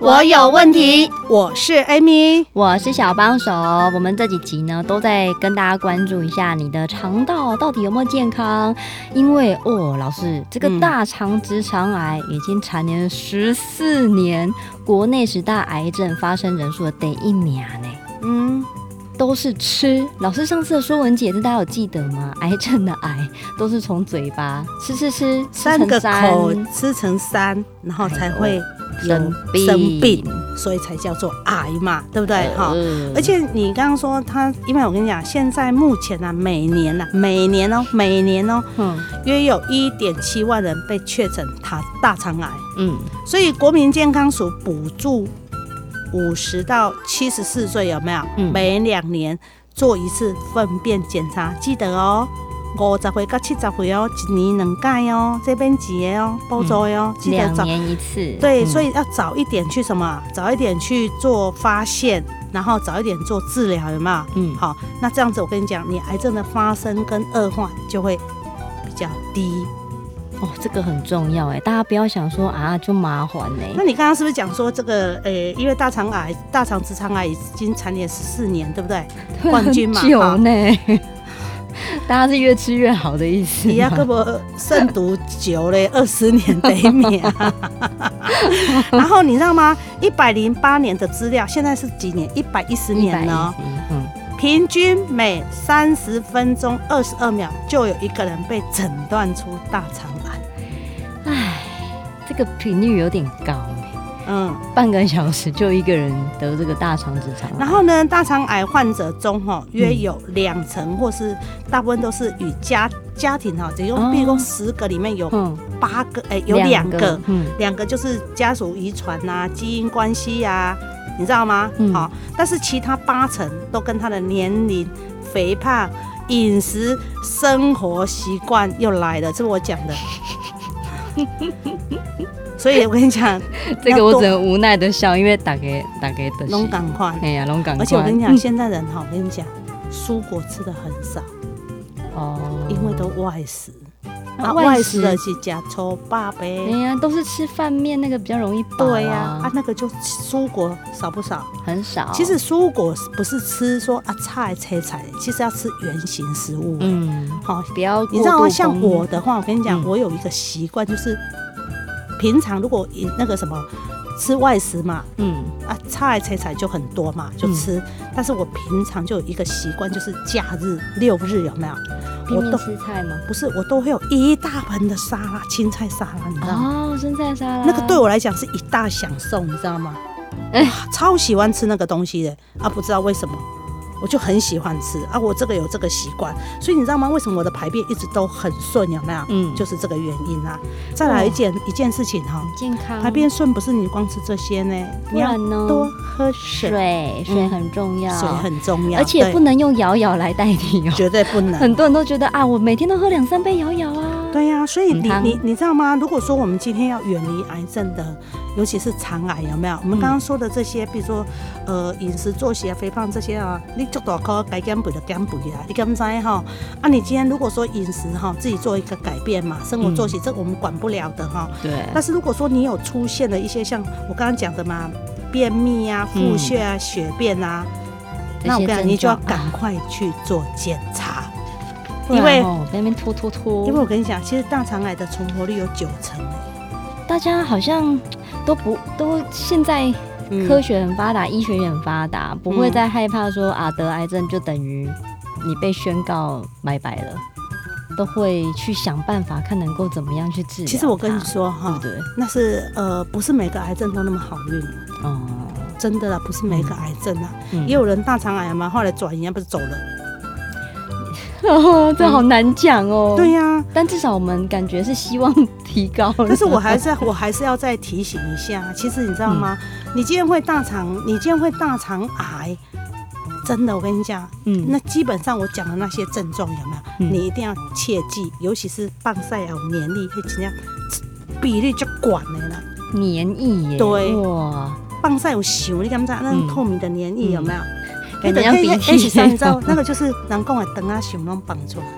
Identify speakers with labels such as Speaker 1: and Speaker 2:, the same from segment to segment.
Speaker 1: 我有問題，我，問題，我是艾
Speaker 2: 米，我是小幫手。我們這幾集呢，都在跟大家關注一下你的腸道到底有沒有健康。因為哦，老師，這個大腸直腸癌已經蟬聯十四年，嗯、國內十大癌症發生人數的第一名呢。嗯，都是吃。老師上次的說文解字，大家有記得
Speaker 1: 嗎？癌症的癌都是從嘴巴吃吃吃，吃成三，三個口吃成三，然後才會、哎。生生病，生病，所以才叫做癌嘛，對不對？哈、嗯，而且你剛剛說他，因為我跟你講，現在目前呢、啊，每年呢、啊，每年哦、喔，每年哦、喔，嗯，約有一點七萬人被確診他大腸癌，嗯，所以國民健康署補助五十到七十四歲有沒有？每兩年做一次糞便檢查，記得哦、喔。五十回到七十回，喔，哦，一年兩次哦，喔。這邊是哦，喔，包做哦。記得早。兩年一次。對，嗯，所以要早一點去什麼？早一點去做發現，然後早一點做治療，有沒有？嗯，好，那這樣子我跟你講，你癌症的發生跟惡化就會比較低。哦，這個很重要哎，大家不
Speaker 2: 要想說啊，就麻煩呢。那你剛
Speaker 1: 剛是不是講說這個？呃，因為大腸癌、大腸直腸癌已經蟬連十四年，對不對？很冠軍嘛哈。欸好 大家是越吃越好的意思，你要胳膊腎毒久了，二十 年得免。 然後你知道嗎？一百零八年的資料，現在是幾年？一百一十年呢？120, 嗯，平均每三十分鐘二十二秒就有一個人被診斷出大腸癌。哎，
Speaker 2: 這個頻率有點高。嗯，半個小時就一個人得這個大
Speaker 1: 腸直腸癌，然後呢，大腸癌患者中哈、喔，約有兩成或是大部分都是與家、嗯、家庭哈、喔，只用比如說十個裡面有八個，哎、嗯欸，有兩個，兩個、嗯、兩個就是家族遺傳吶、基因關係啊，你知道嗎？好、嗯喔，但是其他八成都跟他的年齡、肥胖、飲食、生活習慣又來了，這是我講的。 所以我跟你講，
Speaker 2: 這個我只能無奈的笑，因為大家大家的龍港話，哎呀龍港，而且我跟你講，
Speaker 1: 現在人哈，我跟你講，蔬果吃得很少哦，因為都外食，
Speaker 2: 外食的是
Speaker 1: 家，粗八杯，哎呀，都是吃飯面那個比較容易飽，對呀，啊那個就蔬果少不少，很少。其實蔬果不是吃說啊菜菜，其實要吃原型食物，嗯，好，比較。你知道嗎？像我的話，我跟你講，我有一個習慣就是。平常如果以那個什麼吃外食嘛，嗯啊菜菜菜就很多嘛，就吃。嗯、但是我平常就有一個習慣，就是假日六日有沒有？拼命 我都吃菜嗎？不是，我都會有一大盆的沙拉，青菜沙拉，你知道嗎？
Speaker 2: 哦，生菜沙拉。那個對
Speaker 1: 我來講是一大享受，你知道嗎？哎，超喜歡吃那個東西的啊，不知道為什麼。我就很喜歡吃啊，我這個有這個習慣，所以你知道嗎？為什麼我的排便一直都很順？有沒有？嗯，就是這個原因啊。再來一件、哦、一件事情哈，健康排便順不是你光吃這些呢，不然呢、哦，多喝水，水，水很重要，嗯、水很重要，而且不
Speaker 2: 能用搖搖來代替哦，對，絕對不能。 很多人都覺得啊，我每天都喝兩三杯搖搖啊。對呀、啊，所以你你
Speaker 1: 你知道嗎？如果說我們今天要遠離癌症的，尤其是腸癌，有沒有？我們剛剛說的這些，比如說，呃，飲食作息、啊，肥胖這些啊，你最大靠該減肥的減肥啊。你剛才哈，啊，你今天如果說飲食哈、啊、自己做一個改變嘛，生活作息、嗯、這個我們管不了的哈。對。但是如果說你有出現了一些像我剛剛講的嘛，便秘啊、腹瀉啊、血便啊，嗯、那
Speaker 2: 我跟你講,你就要
Speaker 1: 趕快去做檢。因為那邊拖拖拖。因為我跟你講，其實大腸癌的存活率有九成。
Speaker 2: 大家好像都不都現在科學很發達，嗯、醫學也很發達，不會再害怕說、嗯、啊得癌症就等於你被宣告拜拜
Speaker 1: 了，都會去想辦法看能夠怎麼樣去治療。其實我跟你說哈，嗯、對，那是呃不是每個癌症都那麼好運。哦、嗯，真的啦，不是每個癌症啊，嗯、也有人大腸癌嘛，後來轉移不是走了。哦，oh, 這好難講哦。嗯、對呀、啊，但至少我們感覺是希望提高了。但是我還在，我還是要再提醒一下，其實你知道嗎？嗯、你既然會大腸，你既然會大腸癌，真的，我跟你講，嗯，那基本上我講的那些症狀有沒有？嗯、你一定要切記，尤其是棒曬有黏液，會怎樣？比例就管了了。粘液，對哇，放曬有像你感覺那透明的粘液、嗯嗯、有沒有？可以等一以 H 三招，那個就是人工的等啊，熊不能幫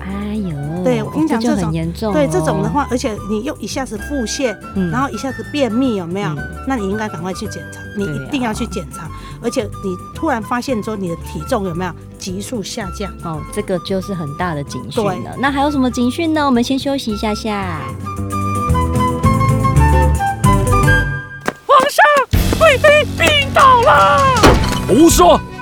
Speaker 1: 哎呦，對，我跟你講，嚴重、喔、對這種的話，而且你又一下子腹瀉，然後一下子便秘，有沒有？嗯、那你應該趕快去檢查，你一定要去檢查。啊、而且你突然發現說你的體重有沒有急速下降？哦、喔，這個就是很大的警訊了。
Speaker 2: 對那還有什麼警訊呢？我們先休息一下下。
Speaker 1: 皇上，貴妃病倒了。胡說！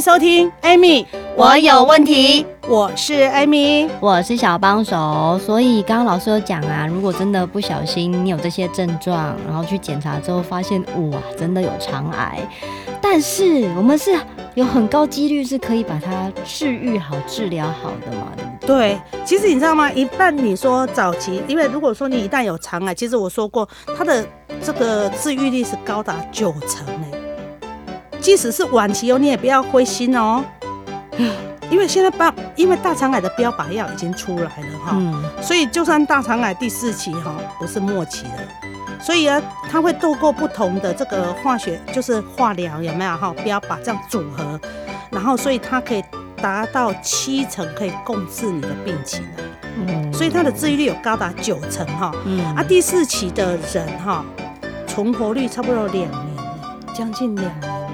Speaker 1: 收聽 Amy，我有問題。我
Speaker 2: 是 Amy，我是小幫手。所以剛剛老師有講啊，如果真的不小心你有這些症狀，然後去檢查之後發現，哇，真的有腸癌。
Speaker 1: 但是我們是有很高幾率是可以把它治癒好、治療好的嘛？對，對，對，其實你知道嗎？一旦你說早期，因為如果說你一旦有腸癌，其實我說過，它的這個治癒率是高達九成欸。即使是晚期哦，你也不要灰心哦，因為現在大因為大腸癌的標靶藥已經出來了哈，嗯、所以就算大腸癌第四期哈、哦，不是末期了，所以啊，他會透過不同的這個化學，就是化療有沒有哈？標靶這樣組合，然後所以它可以達到七成可以控制你的病情，嗯，所以它的治癒率有高達九成哈，嗯啊，第四期的人哈、哦，存活率差不多兩年，將、嗯、近兩年。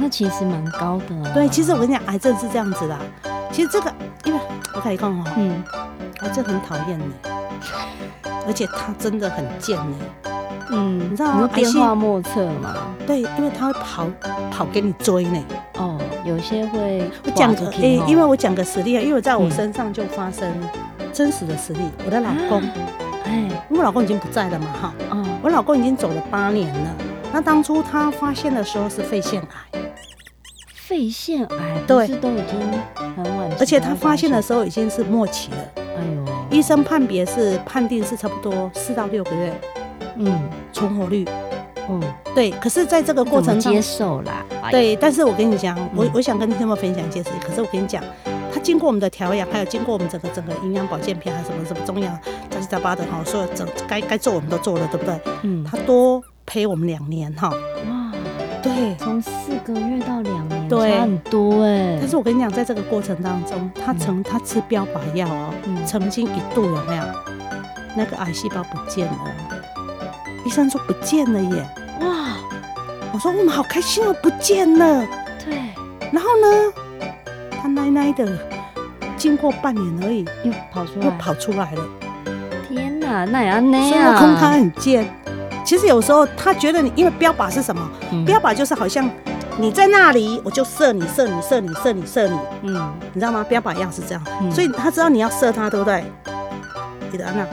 Speaker 1: 那其實蠻高的。對，其實我跟你講，癌症是這樣子的。其實這個，因為我可以講哈，嗯，癌症很討厭的，而且它真的很賤呢。嗯，你知道嗎？變化莫測嘛。對，因為它會跑跑給你追呢。哦，有些會。我講個，哎，因為我講個實例啊，因為在我身上就發生真實的實例。我的老公，哎，因為我老公已經不在了嘛，哈。嗯。我老公已經走了八年了。那當初他發現的時候是肺腺癌。肺腺癌，哦、對，都已經很晚期，而且他發現的時候已經是末期了。嗯嗯、哎呦，醫生判別是判定是差不多四到六個月。嗯，存活率，嗯，對。可是，在這個過程中，接受啦。對，哎、呀但是我跟你講，嗯、我我想跟他們分享一件事情。可是我跟你講，他經過我們的調養，還有經過我們整個整個營養保健品啊什麼什麼中藥，雜七雜八的哈、哦，所有整該該做我們都做了，對不對？嗯。他多陪我們兩年哈。哦、哇，對，從四個月到兩。對，差很多哎、欸，但是我跟你講，在這個過程當中，他曾、嗯、他吃標靶藥哦、喔，嗯、曾經一度有沒有那個癌細胞不見了？醫生說不見了耶！哇，我說我們、嗯、好開心哦、喔，不見了。對，然後呢，他奶奶的，經過半年而已又跑出來又跑出來了。天哪，那也那啊！樣啊，所以空胎很賤。其實有時候他覺得你，因為標靶是什麼？嗯、標靶就是好像。你在那裡，我就射你射你射你射你射你，嗯，你知道嗎？標靶藥是這樣，所以他知道你要射他，對不對？記得安娜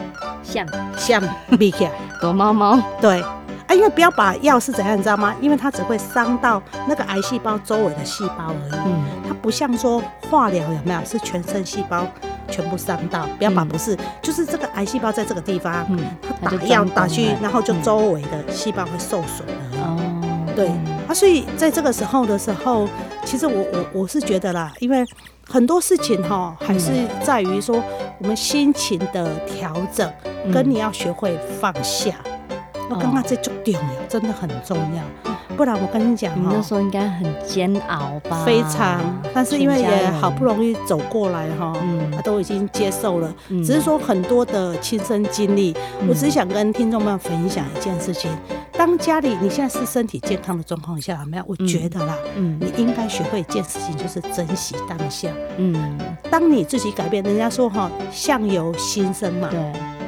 Speaker 1: 像像 b i 躲貓貓，對，哎，因為標靶藥是怎樣，你知道嗎？因為它只會傷到那個癌細胞周圍的細胞而已，它不像說化療有沒有是全身細胞全部傷到，標靶不是，就是這個癌細胞在這個地方，它打藥打去，然後就周圍的細胞會受損而已，對。所以在這個時候的時候，其實我我我是覺得啦，因為很多事情哈，還是在於說我們心情的調整，跟你要學會放下，嗯、我剛剛這重點真的很重要。不然我跟你講你、嗯、那時候應該很煎熬吧？非常，但是因為也好不容易走過來哈，嗯，都已經接受了，嗯、只是說很多的親身經歷，嗯、我只想跟聽眾們分享一件事情。嗯、當家裡你現在是身體健康的狀況下，沒有？我覺得啦，嗯，嗯，你應該學會一件事情，就是珍惜當下。嗯，當你自己改變，人家說哈，相由心生嘛，對，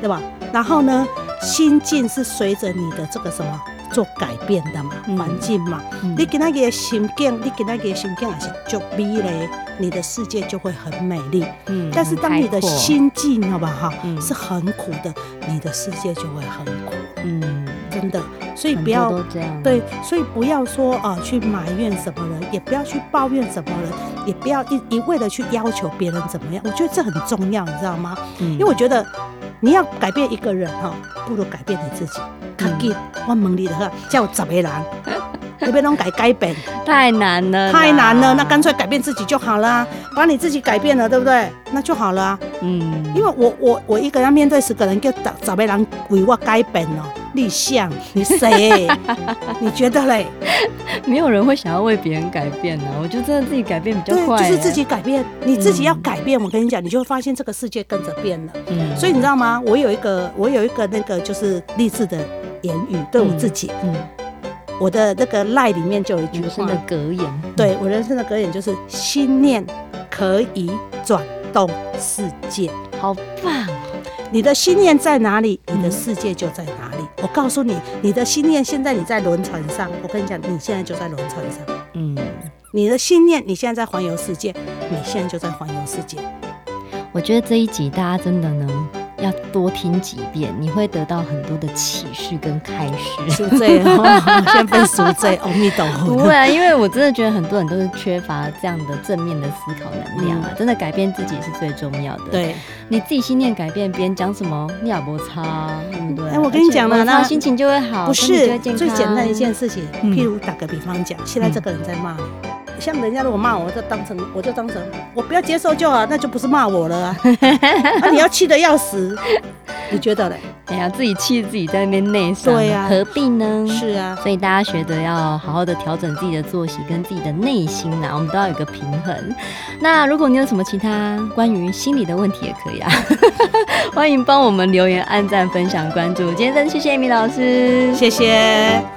Speaker 1: 對吧？然後呢，嗯、心境是隨着你的這個什麼？做改變的嘛，環境嘛，你跟那個心境，你跟那個心境也是足美嘞，你的世界就會很美麗。嗯，但是當你的心境好不好，是很苦的，你的世界就會很苦。嗯，真的，所以不要對，所以不要說啊去埋怨什麼人，也不要去抱怨什麼人，也不要一一味的去要求別人怎麼樣。我覺得這很重要，你知道嗎？嗯，因為我覺得。你要改變一個人哈，不如改變你自己。卡吉，我夢裡的叫叫十個人，你要啷改變？太難了，太難了。那乾脆改變自己就好了，把你自己改變了，對不對？那就好了。嗯，因為我我我一個人面對十個人，就找十個人為我改變了。立像，你誰？ 你覺得嘞？ 沒有人會想要為別人改變呢、啊。我覺得真的自己改變比較快、欸對，就是自己改變，嗯、你自己要改變。嗯、我跟你講，你就會發現這個世界跟着變了。嗯對，所以你知道嗎？我有一個，我有一個那個就是勵志的言語對我自己。嗯，嗯我的那個賴裡面就有一句話，人生的格言，對我人生的格言就是：信念可以轉動世界，好棒。你的信念在哪裡，你的世界就在哪裡。嗯、我告訴你，你的信念現在你在輪船上，我跟你講，你現在就在輪船上。嗯，你的信念，你現在在環遊世界，你現在就在環遊世界。
Speaker 2: 我覺得這一集大家真的能。要多聽幾遍，你會得到很多的啟示跟開始。贖罪，先被贖罪。阿彌陀佛。不會啊，因為我真的覺得很多人都是缺乏這樣的正面的思考能量啊。真的改變自己是最重要的。對，你自己心念改變，別人講什麼你也不差，對不對？哎，我跟你講嘛，然後心情
Speaker 1: 就會好，不是最簡單一件事情。譬如打個比方講，現在這個人在罵你。像人家如果罵我，就當成我就當成我不要接受就好，那就不是罵我了啊！ 啊你要氣得要死， 你覺得嘞？哎呀，自己氣自己在那邊
Speaker 2: 內傷，對呀、啊，何必呢？是啊，所以大家學得要好好的調整自己的作息跟自己的內心吶，我們都要有一個平衡。那如果你有什麼其他關於心理的問題，也可以啊， 歡迎幫我們留言、按讚、分享、關注。今天真謝謝 Amy 老師，謝謝。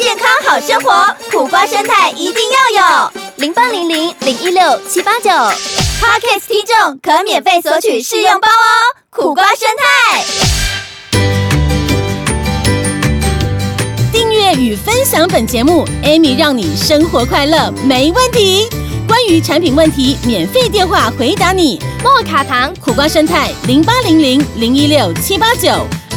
Speaker 2: 健康好生活，苦瓜勝肽一定要有，零八零零零一六七八九，Podcast 聽眾可免費索取試用包哦，苦
Speaker 1: 瓜勝肽。訂閱與分享本節目，Amy 讓你生活快樂沒問題。關於產品問題，免費電話回答你。莫卡糖苦瓜勝肽，零八零零零一六七八九。